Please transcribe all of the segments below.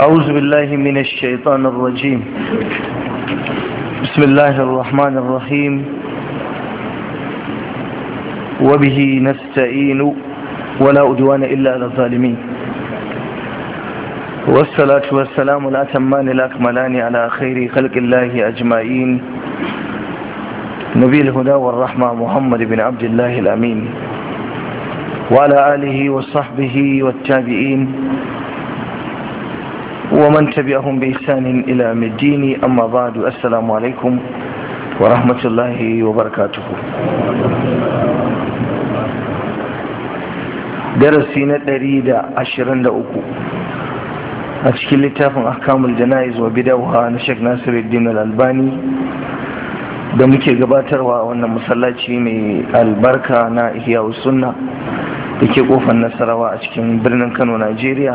أعوذ بالله من الشيطان الرجيم بسم الله الرحمن الرحيم وبه نستعين ولا أدوان إلا على الظالمين والصلاة والسلام تمان الأكملان على خير خلق الله أجمعين نبي الهدى والرحمة محمد بن عبد الله الأمين وعلى آله وصحبه والتابعين ومن تبعهم بإحسان إلى مدين أما بعد السلام عليكم ورحمة الله وبركاته درسي نتريد عشرين لأكو أشكل لتافن أحكام الجنائز وبدوها نشك ناصر الدين الألباني da muke gabatarwa wannan masallaci mai albarka na ihya sunna da ke kofar nasarawa a cikin birnin kano najeriya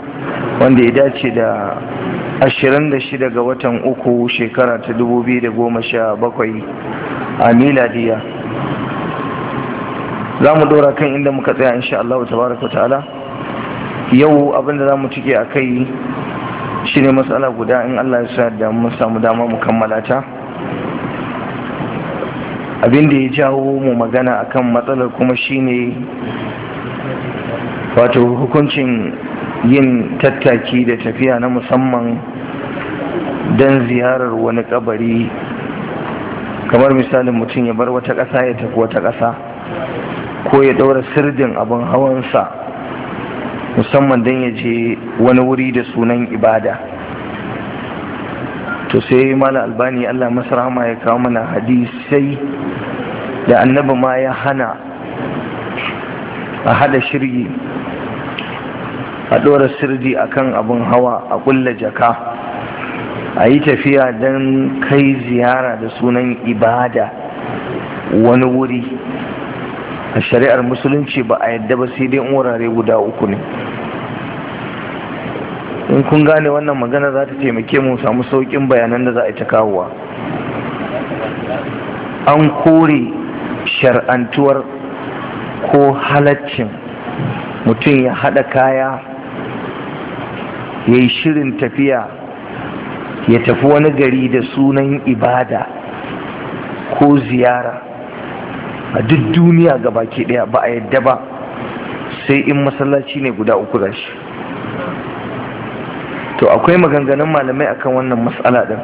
wanda ya dace da 26 ga watan uku shekara ta 2017 a miladiya za mu dora kan inda muka tsaya insha Allah tabaraka ta'ala yau abinda za mu cike a kai shi ne matsala guda in Allah ya sa da mun samu dama mu kammala ta abinda ya jawo mu magana akan matsalar kuma shine wato hukuncin yin tattaki da tafiya na musamman don ziyarar wani kabari kamar misalin mutum ya bar wata ƙasa ya tafi wata ƙasa ko ya ɗaura sirdin abin hawansa musamman don ya je wani wuri da sunan ibada to sai mala albani allah masarama ya kawo mana hadisai da annabi ma ya hana a hada shirgi a ɗora sirdi a kan abin hawa a ƙulla jaka a yi tafiya don kai ziyara da sunan ibada wani wuri a shari'ar musulunci ba a yadda ba sai dai wurare guda uku ne in kun gane wannan magana za ta taimake mu samu sauƙin bayanan da za a ta kawowa an kore shar'antuwar ko halaccin mutum ya haɗa kaya ya yi shirin tafiya ya tafi wani gari da sunan ibada ko ziyara a duk duniya ga baki daya ba a yadda ba sai in masallaci ne guda uku da shi to akwai maganganun malamai akan wannan matsala din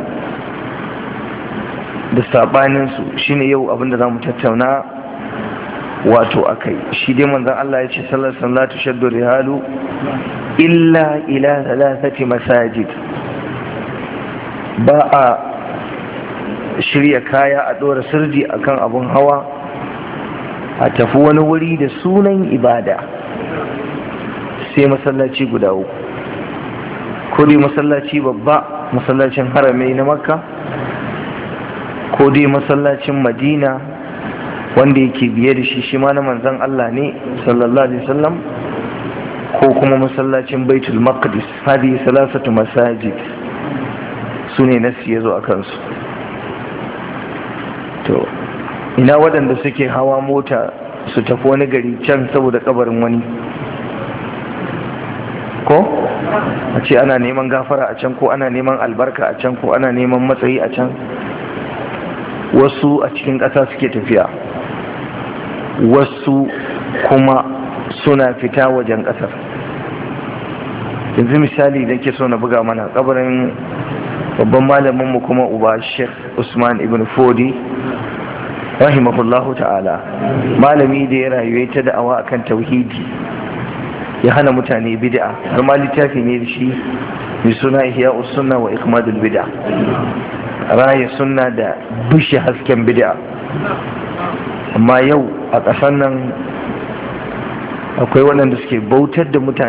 da sabaninsu shine yau abinda za mu tattauna wato akai shi dai manzon Allah ya ce sallar sallatu shaddu rihalu illa ila thalathati masajid ba a shirya kaya a ɗora sirji akan abun hawa a tafi wani wuri da sunan ibada sai masallaci guda uku ko dai masallaci babba masallacin haramai na makka ko dai masallacin madina wanda yake biye da shi shi ma na manzan Allah ne sallallahu alaihi wasallam ko kuma masallacin baitul maqdis hadi salasatu masajid su ne nasi ya a kansu to ina waɗanda suke hawa mota su tafi wani gari can saboda kabarin wani ko a ce ana neman gafara a can ko ana neman albarka a can ko ana neman matsayi a can wasu a cikin ƙasa suke tafiya wasu kuma suna fita wajen ƙasar yanzu misali idan ke so na buga mana kabarin babban malaminmu kuma uba sheikh usman ibn fodi rahimahullahu ta'ala malami da ya rayuwa ta da'awa kan tauhidi ya hana mutane bid'a har ma littafi ne da shi mai suna ihya usunna wa ikmadul bid'a raya sunna da bushe hasken bid'a amma yau a ƙasar nan akwai waɗanda suke bautar da mutane